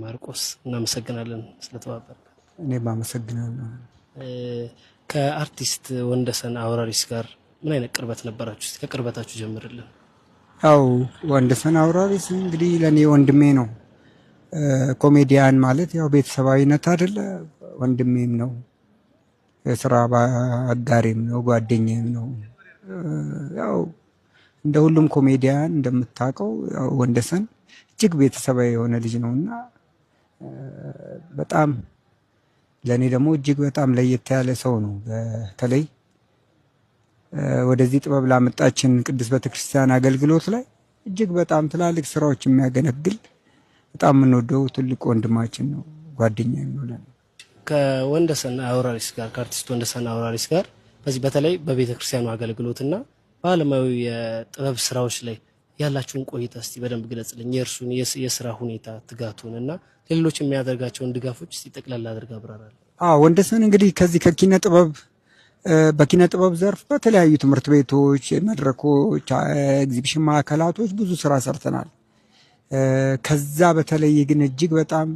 ማርቆስ እናመሰግናለን ስለተባበር። እኔም አመሰግናለሁ። ከአርቲስት ወንደሰን አውራሪስ ጋር ምን አይነት ቅርበት ነበራችሁ? እስቲ ከቅርበታችሁ ጀምርልን። አው ወንደሰን አውራሪስ እንግዲህ ለእኔ ወንድሜ ነው። ኮሜዲያን ማለት ያው ቤተሰባዊነት አይደለ፣ ወንድሜም ነው፣ የስራ አጋሬም ነው፣ ጓደኛም ነው። ያው እንደ ሁሉም ኮሜዲያን እንደምታውቀው ወንደሰን እጅግ ቤተሰባዊ የሆነ ልጅ ነው እና በጣም ለእኔ ደግሞ እጅግ በጣም ለየት ያለ ሰው ነው። በተለይ ወደዚህ ጥበብ ላመጣችን ቅዱስ ቤተክርስቲያን አገልግሎት ላይ እጅግ በጣም ትላልቅ ስራዎች የሚያገለግል በጣም የምንወደው ትልቅ ወንድማችን ነው፣ ጓደኛ የሚሆነን ከወንደሰና አውራሪስ ጋር ከአርቲስት ወንደሰና አውራሪስ ጋር በዚህ በተለይ በቤተክርስቲያኑ አገልግሎትና በአለማዊ የጥበብ ስራዎች ላይ ያላችሁን ቆይታ እስቲ በደንብ ግለጽልኝ። የእርሱን የስራ ሁኔታ ትጋቱን እና ሌሎች የሚያደርጋቸውን ድጋፎች እስቲ ጠቅላላ አድርግ አብራራል። ወንደሰን እንግዲህ ከዚህ ከኪነ ጥበብ በኪነ ጥበብ ዘርፍ በተለያዩ ትምህርት ቤቶች፣ መድረኮች፣ ኤግዚቢሽን ማዕከላቶች ብዙ ስራ ሰርተናል። ከዛ በተለይ ግን እጅግ በጣም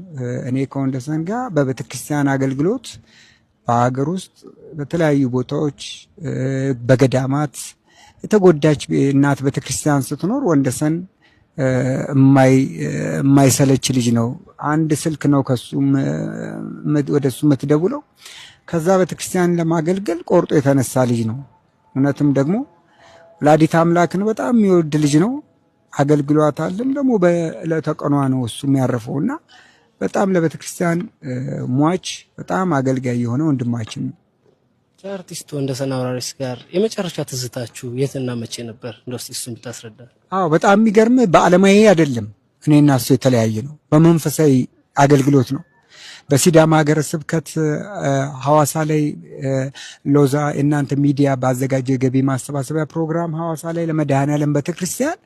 እኔ ከወንደሰን ጋር በቤተክርስቲያን አገልግሎት በሀገር ውስጥ በተለያዩ ቦታዎች በገዳማት የተጎዳች እናት ቤተክርስቲያን ስትኖር ወንደሰን የማይሰለች ልጅ ነው። አንድ ስልክ ነው ከሱ ወደ እሱ የምትደውለው። ከዛ ቤተክርስቲያን ለማገልገል ቆርጦ የተነሳ ልጅ ነው። እውነትም ደግሞ ወላዲተ አምላክን በጣም የሚወድ ልጅ ነው። አገልግሏታልም ደግሞ በዕለተ ቀኗ ነው እሱ የሚያርፈው እና በጣም ለቤተክርስቲያን ሟች በጣም አገልጋይ የሆነ ወንድማችን ነው። ከአርቲስቱ ወንደሰን አውራሪስ ጋር የመጨረሻ ትዝታችሁ የትና መቼ ነበር? እንደ ውስጥ እሱን ብታስረዳ። አዎ በጣም የሚገርም በአለማዊ አይደለም እኔና እሱ የተለያየ ነው። በመንፈሳዊ አገልግሎት ነው። በሲዳማ ሀገረ ስብከት ሐዋሳ ላይ ሎዛ የእናንተ ሚዲያ ባዘጋጀ የገቢ ማሰባሰቢያ ፕሮግራም ሐዋሳ ላይ ለመድኃኔዓለም ቤተክርስቲያን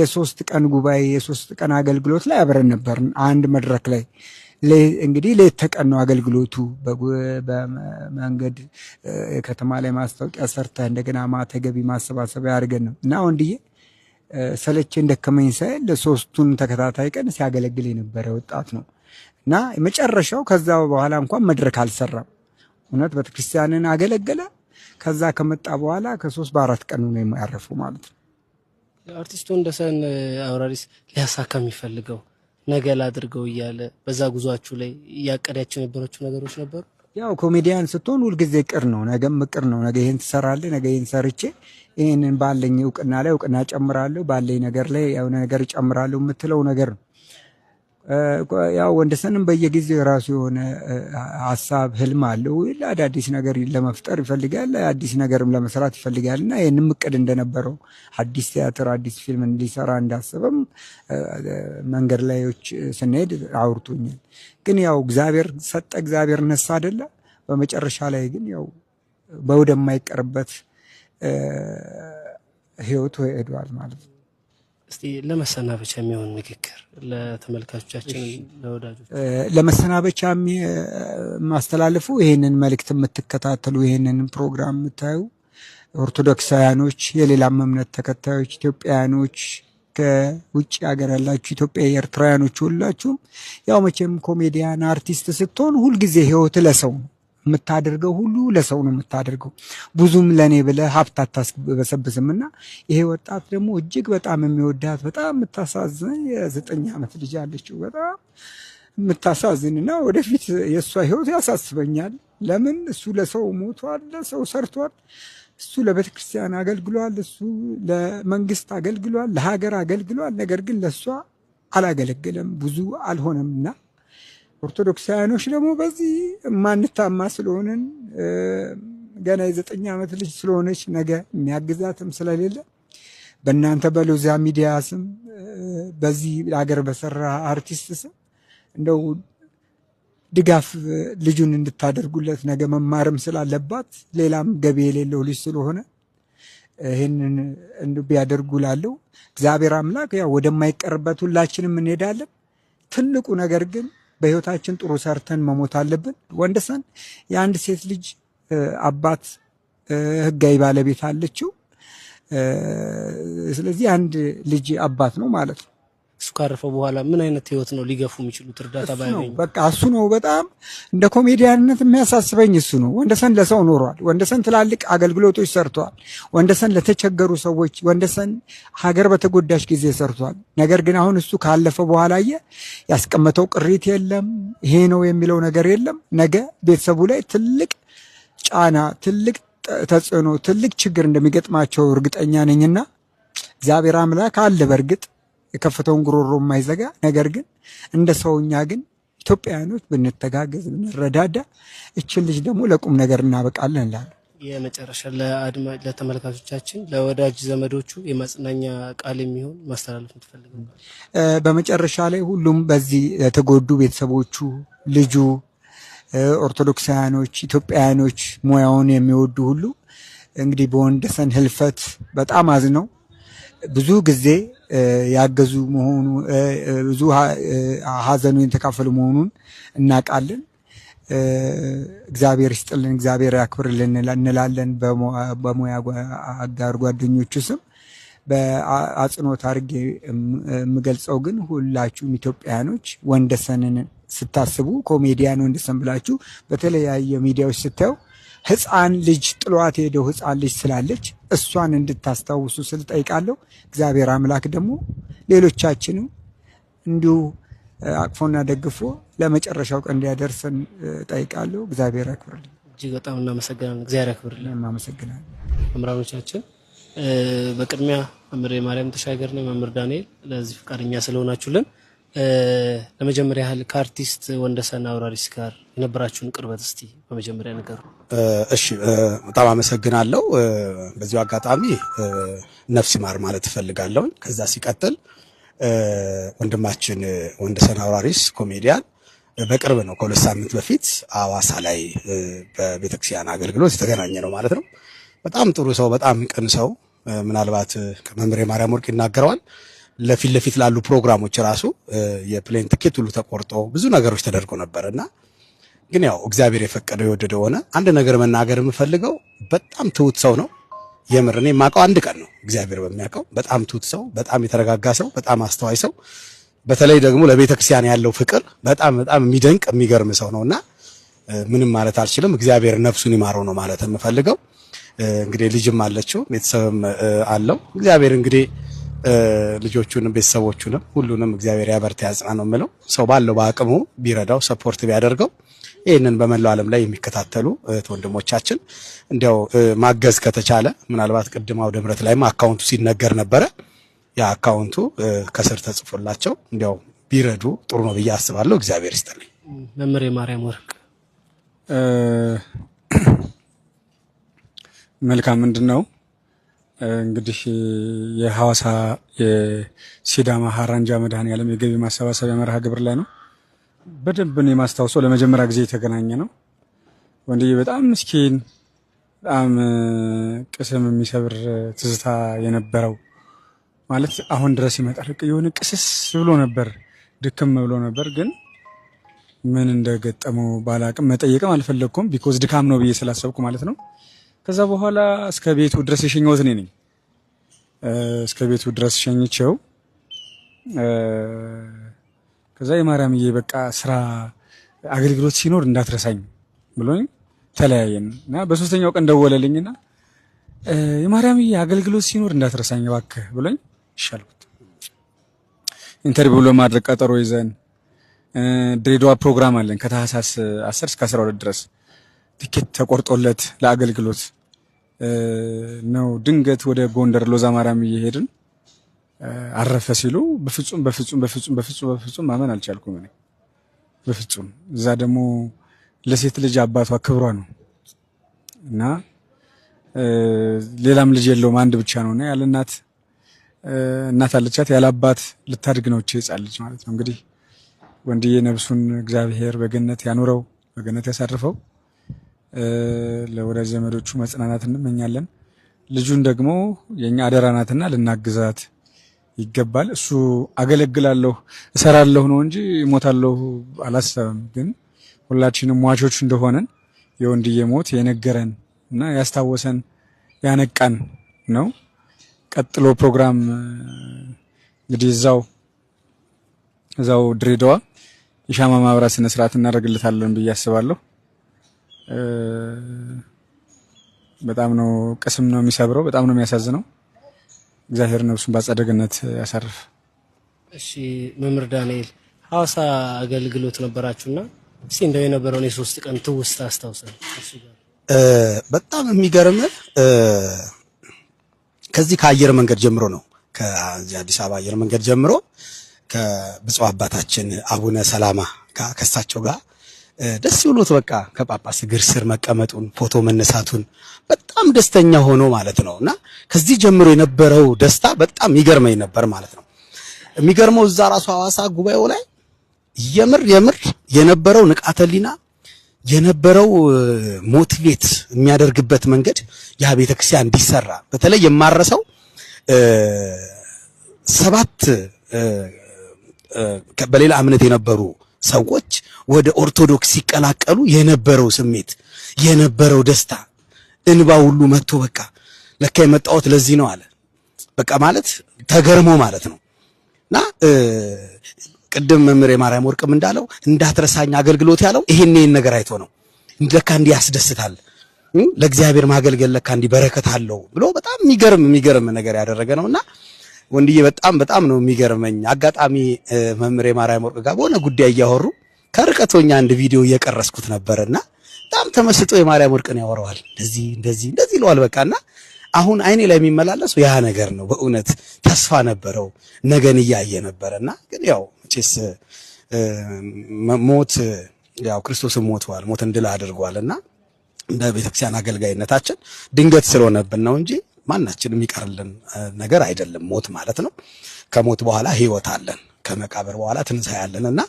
የሶስት ቀን ጉባኤ የሶስት ቀን አገልግሎት ላይ አብረን ነበርን አንድ መድረክ ላይ እንግዲህ ሌት ተቀን ነው አገልግሎቱ። በመንገድ ከተማ ላይ ማስታወቂያ ሰርተ እንደገና ማታ ገቢ ማሰባሰቢያ አድርገን ነው እና ወንድዬ ሰለቼን ደከመኝ ሳይል ለሶስቱን ተከታታይ ቀን ሲያገለግል የነበረ ወጣት ነው እና የመጨረሻው ከዛ በኋላ እንኳን መድረክ አልሰራም። እውነት ቤተክርስቲያንን አገለገለ። ከዛ ከመጣ በኋላ ከሶስት በአራት ቀኑ ነው የሚያረፉ ማለት ነው። አርቲስቱ ወንደሰን አውራሪስ ሊያሳካ የሚፈልገው ነገ ላድርገው እያለ በዛ ጉዟችሁ ላይ እያቀዳቸው የነበረችው ነገሮች ነበሩ። ያው ኮሜዲያን ስትሆን ሁልጊዜ ቅር ነው፣ ነገም ቅር ነው። ነገ ይህን ትሰራለህ፣ ነገ ይህን ሰርቼ ይህንን ባለኝ እውቅና ላይ እውቅና ጨምራለሁ፣ ባለኝ ነገር ላይ የሆነ ነገር ጨምራለሁ የምትለው ነገር ነው። ያው ወንደሰንም በየጊዜው የራሱ የሆነ ሀሳብ ህልም አለው። አዳዲስ ነገር ለመፍጠር ይፈልጋል፣ አዲስ ነገርም ለመስራት ይፈልጋል እና ይህንም እቅድ እንደነበረው አዲስ ቲያትር፣ አዲስ ፊልም እንዲሰራ እንዳሰበም መንገድ ላዮች ስንሄድ አውርቶኛል። ግን ያው እግዚአብሔር ሰጠ፣ እግዚአብሔር ነሳ አይደለ። በመጨረሻ ላይ ግን ያው በወደማይቀርበት ህይወቱ ሄዷል ማለት ነው። እስቲ ለመሰናበቻ የሚሆን ንግግር ለተመልካቾቻችን፣ ለወዳጆች ለመሰናበቻ የማስተላልፉ ይህንን መልእክት የምትከታተሉ ይህንን ፕሮግራም የምታዩ ኦርቶዶክሳውያኖች፣ የሌላም እምነት ተከታዮች፣ ኢትዮጵያውያኖች፣ ከውጭ ሀገር ያላችሁ ኢትዮጵያ የኤርትራውያኖች ሁላችሁም ያው መቼም ኮሜዲያን አርቲስት ስትሆን ሁልጊዜ ህይወት ለሰው ነው የምታደርገው ሁሉ ለሰው ነው የምታደርገው። ብዙም ለእኔ ብለህ ሀብት አታስበሰብስም። እና ይሄ ወጣት ደግሞ እጅግ በጣም የሚወዳት በጣም የምታሳዝን የዘጠኝ ዓመት ልጅ አለችው። በጣም እና ወደፊት የእሷ ህይወት ያሳስበኛል። ለምን እሱ ለሰው ሞቷል፣ ለሰው ሰርቷል። እሱ ለቤተ ክርስቲያን አገልግሏል፣ እሱ ለመንግስት አገልግሏል፣ ለሀገር አገልግሏል። ነገር ግን ለእሷ አላገለገለም፣ ብዙ አልሆነምና ኦርቶዶክሳውያኖች ደግሞ በዚህ ማንታማ ስለሆንን ገና የዘጠኝ ዓመት ልጅ ስለሆነች ነገ የሚያግዛትም ስለሌለ በእናንተ በሎዛ ሚዲያ ስም በዚህ አገር በሰራ አርቲስት ስም እንደው ድጋፍ ልጁን እንድታደርጉለት ነገ መማርም ስላለባት ሌላም ገቢ የሌለው ልጅ ስለሆነ ይህንን ቢያደርጉ ላለው እግዚአብሔር አምላክ ያው ወደማይቀርበት ሁላችንም እንሄዳለን። ትልቁ ነገር ግን በህይወታችን ጥሩ ሰርተን መሞት አለብን። ወንደሰን የአንድ ሴት ልጅ አባት ህጋዊ ባለቤት አለችው። ስለዚህ አንድ ልጅ አባት ነው ማለት ነው። እሱ ካረፈ በኋላ ምን አይነት ህይወት ነው ሊገፉ የሚችሉት? እርዳታ ባያገኙ በቃ እሱ ነው በጣም እንደ ኮሜዲያንነት የሚያሳስበኝ እሱ ነው። ወንደሰን ለሰው ኖሯል። ወንደሰን ትላልቅ አገልግሎቶች ሰርቷል። ወንደሰን ለተቸገሩ ሰዎች፣ ወንደሰን ሀገር በተጎዳች ጊዜ ሰርቷል። ነገር ግን አሁን እሱ ካለፈ በኋላ የ ያስቀመጠው ቅሪት የለም፣ ይሄ ነው የሚለው ነገር የለም። ነገ ቤተሰቡ ላይ ትልቅ ጫና፣ ትልቅ ተጽዕኖ፣ ትልቅ ችግር እንደሚገጥማቸው እርግጠኛ ነኝና እግዚአብሔር አምላክ አለ በእርግጥ የከፍተውን ጉሮሮ የማይዘጋ ነገር ግን እንደ ሰውኛ ግን ኢትዮጵያውያኖች ብንተጋገዝ ብንረዳዳ፣ እችን ልጅ ደግሞ ለቁም ነገር እናበቃለን ላሉ የመጨረሻ ለተመልካቾቻችን ለወዳጅ ዘመዶቹ የማጽናኛ ቃል የሚሆን ማስተላለፍ የምትፈልግ? በመጨረሻ ላይ ሁሉም በዚህ የተጎዱ ቤተሰቦቹ፣ ልጁ፣ ኦርቶዶክሳውያኖች፣ ኢትዮጵያውያኖች ሙያውን የሚወዱ ሁሉ እንግዲህ በወንደሰን ህልፈት በጣም አዝነው ብዙ ጊዜ ያገዙ መሆኑ ብዙ ሀዘኑ የተካፈሉ መሆኑን እናውቃለን። እግዚአብሔር ይስጥልን፣ እግዚአብሔር ያክብርልን እንላለን። በሙያ አጋር ጓደኞቹ ስም በአጽንኦት አድርጌ የምገልጸው ግን ሁላችሁም ኢትዮጵያውያኖች ወንደሰንን ስታስቡ ኮሜዲያን ወንደሰን ብላችሁ በተለያየ ሚዲያዎች ስታዩ ህፃን ልጅ ጥሏት ሄደው ህፃን ልጅ ስላለች እሷን እንድታስታውሱ ስል ጠይቃለሁ። እግዚአብሔር አምላክ ደግሞ ሌሎቻችን እንዲሁ አቅፎና ደግፎ ለመጨረሻው ቀን እንዲያደርሰን ጠይቃለሁ። እግዚአብሔር ያክብርልን። እጅግ በጣም እናመሰግናለን። እግዚአብሔር ያክብርልን። እናመሰግናለን። መምህራኖቻችን በቅድሚያ መምህር የማርያም ተሻገር ተሻገርና መምህር ዳንኤል ለዚህ ፈቃደኛ ስለሆናችሁልን ለመጀመሪያ ያህል ከአርቲስት ወንደሰን አውራሪስ ጋር የነበራችሁን ቅርበት እስቲ በመጀመሪያ ነገር። እሺ በጣም አመሰግናለሁ። በዚሁ አጋጣሚ ነፍስ ይማር ማለት እፈልጋለሁኝ። ከዛ ሲቀጥል ወንድማችን ወንደሰን አውራሪስ ኮሜዲያን በቅርብ ነው ከሁለት ሳምንት በፊት አዋሳ ላይ በቤተክርስቲያን አገልግሎት የተገናኘ ነው ማለት ነው። በጣም ጥሩ ሰው፣ በጣም ቅን ሰው። ምናልባት ከመምሬ ማርያም ወርቅ ይናገረዋል ለፊት ለፊት ላሉ ፕሮግራሞች ራሱ የፕሌን ትኬት ሁሉ ተቆርጦ ብዙ ነገሮች ተደርጎ ነበር እና ግን ያው እግዚአብሔር የፈቀደው የወደደው ሆነ። አንድ ነገር መናገር የምፈልገው በጣም ትሁት ሰው ነው። የምር እኔ የማውቀው አንድ ቀን ነው። እግዚአብሔር በሚያውቀው በጣም ትሁት ሰው፣ በጣም የተረጋጋ ሰው፣ በጣም አስተዋይ ሰው፣ በተለይ ደግሞ ለቤተ ክርስቲያን ያለው ፍቅር በጣም በጣም የሚደንቅ የሚገርም ሰው ነው እና ምንም ማለት አልችልም። እግዚአብሔር ነፍሱን ይማረው ነው ማለት የምፈልገው። እንግዲህ ልጅም አለችው ቤተሰብም አለው። እግዚአብሔር እንግዲህ ልጆቹንም ቤተሰቦቹንም ሁሉንም እግዚአብሔር ያበርታ ያጽና ነው የምለው። ሰው ባለው በአቅሙ ቢረዳው ሰፖርት ቢያደርገው ይህንን በመላው ዓለም ላይ የሚከታተሉ እህት ወንድሞቻችን እንዲያው ማገዝ ከተቻለ ምናልባት ቅድም አውደ ምሕረት ላይም አካውንቱ ሲነገር ነበረ። ያ አካውንቱ ከስር ተጽፎላቸው እንዲያው ቢረዱ ጥሩ ነው ብዬ አስባለሁ። እግዚአብሔር ይስጥልኝ። መምህር የማርያም ወርቅ መልካም ምንድን ነው እንግዲህ የሐዋሳ የሲዳማ ሀራንጃ መድኃኔዓለም የገቢ ማሰባሰቢያ መርሃ ግብር ላይ ነው። በደንብ ነው የማስታውሰው። ለመጀመሪያ ጊዜ የተገናኘ ነው። ወንድዬ በጣም ምስኪን፣ በጣም ቅስም የሚሰብር ትዝታ የነበረው ማለት አሁን ድረስ ይመጣል። የሆነ ቅስስ ብሎ ነበር፣ ድክም ብሎ ነበር። ግን ምን እንደገጠመው ባላቅም መጠየቅም አልፈለግኩም። ቢኮዝ ድካም ነው ብዬ ስላሰብኩ ማለት ነው ከዛ በኋላ እስከ ቤቱ ድረስ የሸኘሁት እኔ ነኝ። እስከ ቤቱ ድረስ ሸኝቼው ከዛ የማርያምዬ በቃ ስራ አገልግሎት ሲኖር እንዳትረሳኝ ብሎኝ ተለያየን እና በሶስተኛው ቀን ደወለልኝና የማርያምዬ አገልግሎት ሲኖር እንዳትረሳኝ እባክህ ብሎኝ ይሻልኩት ኢንተርቪው ለማድረግ ቀጠሮ ይዘን ድሬዳዋ ፕሮግራም አለን ከታህሳስ 10 እስከ 12 ድረስ ቲኬት ተቆርጦለት ለአገልግሎት ነው ድንገት ወደ ጎንደር ሎዛ ማርያም እየሄድን አረፈ ሲሉ በፍጹም በፍጹም በፍጹም በፍጹም በፍጹም ማመን አልቻልኩም እኔ በፍጹም። እዛ ደግሞ ለሴት ልጅ አባቷ ክብሯ ነው እና ሌላም ልጅ የለውም አንድ ብቻ ነው እና ያለ እናት እናት አለቻት ያለ አባት ልታድግ ነው እቺ ልጅ ማለት ነው። እንግዲህ ወንድዬ ነብሱን እግዚአብሔር በገነት ያኑረው በገነት ያሳርፈው። ለወዳጅ ዘመዶቹ መጽናናት እንመኛለን። ልጁን ደግሞ የኛ አደራ ናትና ልናግዛት ይገባል። እሱ አገለግላለሁ እሰራለሁ ነው እንጂ ሞታለሁ አላሰበም። ግን ሁላችንም ሟቾች እንደሆነን የወንድዬ ሞት የነገረን እና ያስታወሰን ያነቃን ነው። ቀጥሎ ፕሮግራም እንግዲህ እዛው እዛው ድሬዳዋ የሻማ ማብራት ስነስርዓት እናደርግለታለን ብዬ አስባለሁ። በጣም ነው ቅስም ነው የሚሰብረው። በጣም ነው የሚያሳዝነው። እግዚአብሔር ነብሱን በአጸደ ገነት ያሳርፍ። እሺ መምህር ዳንኤል ሐዋሳ አገልግሎት ነበራችሁና እስቲ እንደው የነበረውን የሶስት ቀን ትውስታ አስታውሰን። በጣም የሚገርም ከዚህ ከአየር መንገድ ጀምሮ ነው ከአዲስ አበባ አየር መንገድ ጀምሮ ከብፁዕ አባታችን አቡነ ሰላማ ከሳቸው ጋር ደስ ብሎት በቃ ከጳጳስ እግር ስር መቀመጡን ፎቶ መነሳቱን በጣም ደስተኛ ሆኖ ማለት ነው። እና ከዚህ ጀምሮ የነበረው ደስታ በጣም ይገርመኝ ነበር ማለት ነው። የሚገርመው እዛ ራሱ ሐዋሳ ጉባኤው ላይ የምር የምር የነበረው ንቃተ የነበረው ሞቲቬት የሚያደርግበት መንገድ ያ ቤተክርስቲያን እንዲሰራ በተለይ የማረሰው ሰባት በሌላ እምነት የነበሩ ሰዎች ወደ ኦርቶዶክስ ሲቀላቀሉ የነበረው ስሜት የነበረው ደስታ እንባ ሁሉ መጥቶ በቃ ለካ የመጣሁት ለዚህ ነው አለ። በቃ ማለት ተገርሞ ማለት ነው። እና ቅድም መምህር የማርያም ወርቅም እንዳለው እንዳትረሳኝ አገልግሎት ያለው ይሄን ይሄን ነገር አይቶ ነው። ለካ እንዲህ ያስደስታል፣ ለእግዚአብሔር ማገልገል ለካ እንዲህ በረከት አለው ብሎ በጣም የሚገርም የሚገርም ነገር ያደረገ ነውና ወንድዬ በጣም በጣም ነው የሚገርመኝ። አጋጣሚ መምሬ ማርያም ወርቅ ጋር በሆነ ጉዳይ እያወሩ ከርቀት ሆኜ አንድ ቪዲዮ እየቀረስኩት ነበርና በጣም ተመስጦ የማርያም ወርቅን ያወራዋል። እንደዚህ እንደዚህ እንደዚህ ይለዋል። በቃና አሁን አይኔ ላይ የሚመላለሰው ያ ነገር ነው። በእውነት ተስፋ ነበረው ነገን እያየ ነበረና ግን ያው መቼስ ሞት ያው ክርስቶስን ሞቷል፣ ሞትን ድል አድርጓልና እንደ ቤተክርስቲያን አገልጋይነታችን ድንገት ስለሆነብን ነው እንጂ ማናችንም ይቀርልን ነገር አይደለም። ሞት ማለት ነው። ከሞት በኋላ ህይወት አለን፣ ከመቃብር በኋላ ትንሳኤ አለን እና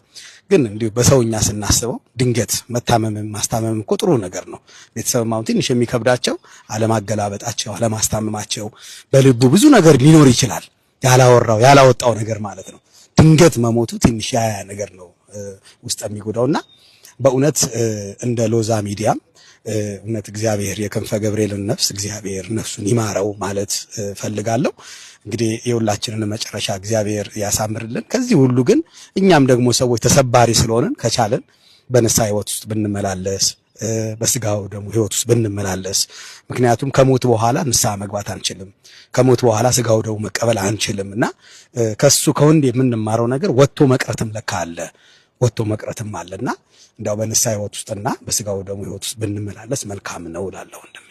ግን እንዲሁ በሰውኛ ስናስበው ድንገት መታመምም ማስታመምም እኮ ጥሩ ነገር ነው። ቤተሰብ ማሁን ትንሽ የሚከብዳቸው አለማገላበጣቸው፣ አለማስታመማቸው በልቡ ብዙ ነገር ሊኖር ይችላል። ያላወራው ያላወጣው ነገር ማለት ነው። ድንገት መሞቱ ትንሽ ያያ ነገር ነው ውስጥ የሚጎዳውና በእውነት እንደ ሎዛ ሚዲያም እውነት እግዚአብሔር የክንፈ ገብርኤልን ነፍስ እግዚአብሔር ነፍሱን ይማረው ማለት ፈልጋለሁ። እንግዲህ የሁላችንን መጨረሻ እግዚአብሔር ያሳምርልን። ከዚህ ሁሉ ግን እኛም ደግሞ ሰዎች ተሰባሪ ስለሆንን ከቻለን በንስሐ ሕይወት ውስጥ ብንመላለስ በስጋው ደግሞ ህይወት ውስጥ ብንመላለስ። ምክንያቱም ከሞት በኋላ ንስሐ መግባት አንችልም። ከሞት በኋላ ስጋው ደግሞ መቀበል አንችልም እና ከሱ ከወንድ የምንማረው ነገር ወጥቶ መቅረትም ለካ አለ። ወጥቶ መቅረትም አለና እንዲያው በንሳ ህይወት ውስጥና በስጋው ደግሞ ህይወት ውስጥ ብንመላለስ መልካም ነው እላለሁ። ወንድሜ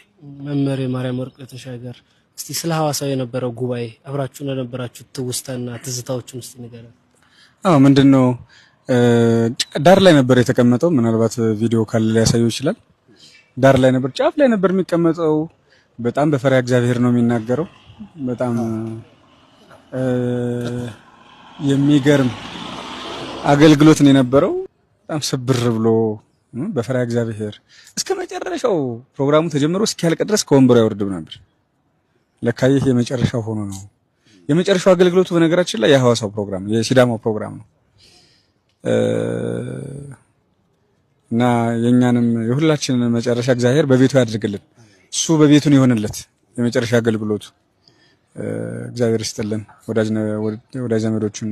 መምህር የማርያም ወርቅ ተሻገር እስቲ ስለ ሐዋሳው የነበረው ጉባኤ አብራችሁ ለነበራችሁ ትውስታና ትዝታዎችን ስ ንገረ። አዎ ምንድን ነው ዳር ላይ ነበር የተቀመጠው። ምናልባት ቪዲዮ ካለ ሊያሳየው ይችላል። ዳር ላይ ነበር፣ ጫፍ ላይ ነበር የሚቀመጠው። በጣም በፈሪያ እግዚአብሔር ነው የሚናገረው። በጣም የሚገርም አገልግሎት ነው የነበረው። በጣም ስብር ብሎ በፈሪሃ እግዚአብሔር እስከ መጨረሻው ፕሮግራሙ ተጀምሮ እስኪያልቅ ድረስ ከወንበሩ አይወርድም ነበር። ለካየህ የመጨረሻው ሆኖ ነው። የመጨረሻው አገልግሎቱ በነገራችን ላይ የሐዋሳው ፕሮግራም የሲዳማው ፕሮግራም ነው እና የእኛንም የሁላችንን መጨረሻ እግዚአብሔር በቤቱ ያድርግልን። እሱ በቤቱን የሆነለት የመጨረሻ አገልግሎቱ እግዚአብሔር ይስጥልን። ወዳጅ ዘመዶቹን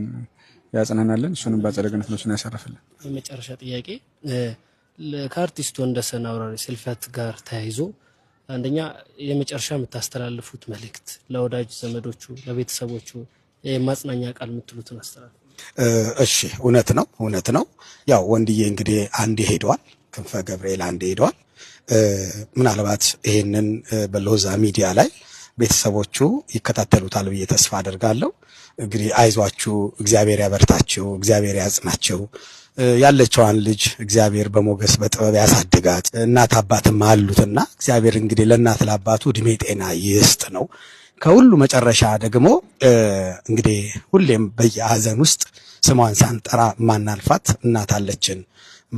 ያጽናናልን። እሱንም በአጸደ ገነት ነፍሱን ያሳርፍልን። የመጨረሻ ጥያቄ ከአርቲስቱ ወንደሰን አውራሪ ስልፈት ጋር ተያይዞ አንደኛ የመጨረሻ የምታስተላልፉት መልእክት ለወዳጅ ዘመዶቹ፣ ለቤተሰቦቹ የማጽናኛ ቃል የምትሉትን አስተላልፉ። እሺ፣ እውነት ነው እውነት ነው። ያው ወንድዬ እንግዲህ አንዴ ሄደዋል፣ ክንፈ ገብርኤል አንዴ ሄደዋል። ምናልባት ይሄንን በሎዛ ሚዲያ ላይ ቤተሰቦቹ ይከታተሉታል ብዬ ተስፋ አደርጋለሁ። እንግዲህ አይዟችሁ፣ እግዚአብሔር ያበርታችሁ፣ እግዚአብሔር ያጽናችሁ። ያለችዋን ልጅ እግዚአብሔር በሞገስ በጥበብ ያሳድጋት። እናት አባትም አሉትና እግዚአብሔር እንግዲህ ለእናት ለአባቱ እድሜ ጤና ይስጥ ነው። ከሁሉ መጨረሻ ደግሞ እንግዲህ ሁሌም በየሀዘን ውስጥ ስሟን ሳንጠራ ማናልፋት እናት አለችን።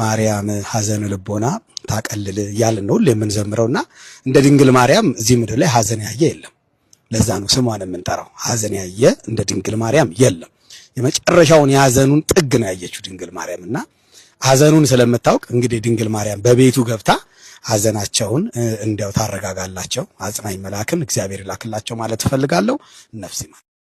ማርያም ሐዘን ልቦና ታቀልል እያልን ነው የምንዘምረው እና እንደ ድንግል ማርያም እዚህ ምድር ላይ ሐዘን ያየ የለም። ለዛ ነው ስሟን የምንጠራው። ሐዘን ያየ እንደ ድንግል ማርያም የለም። የመጨረሻውን የሐዘኑን ጥግ ነው ያየችው ድንግል ማርያም እና ሐዘኑን ስለምታውቅ እንግዲህ ድንግል ማርያም በቤቱ ገብታ ሐዘናቸውን እንዲያው ታረጋጋላቸው። አጽናኝ መልአክን እግዚአብሔር ይላክላቸው ማለት እፈልጋለሁ። ነፍስ ይማር።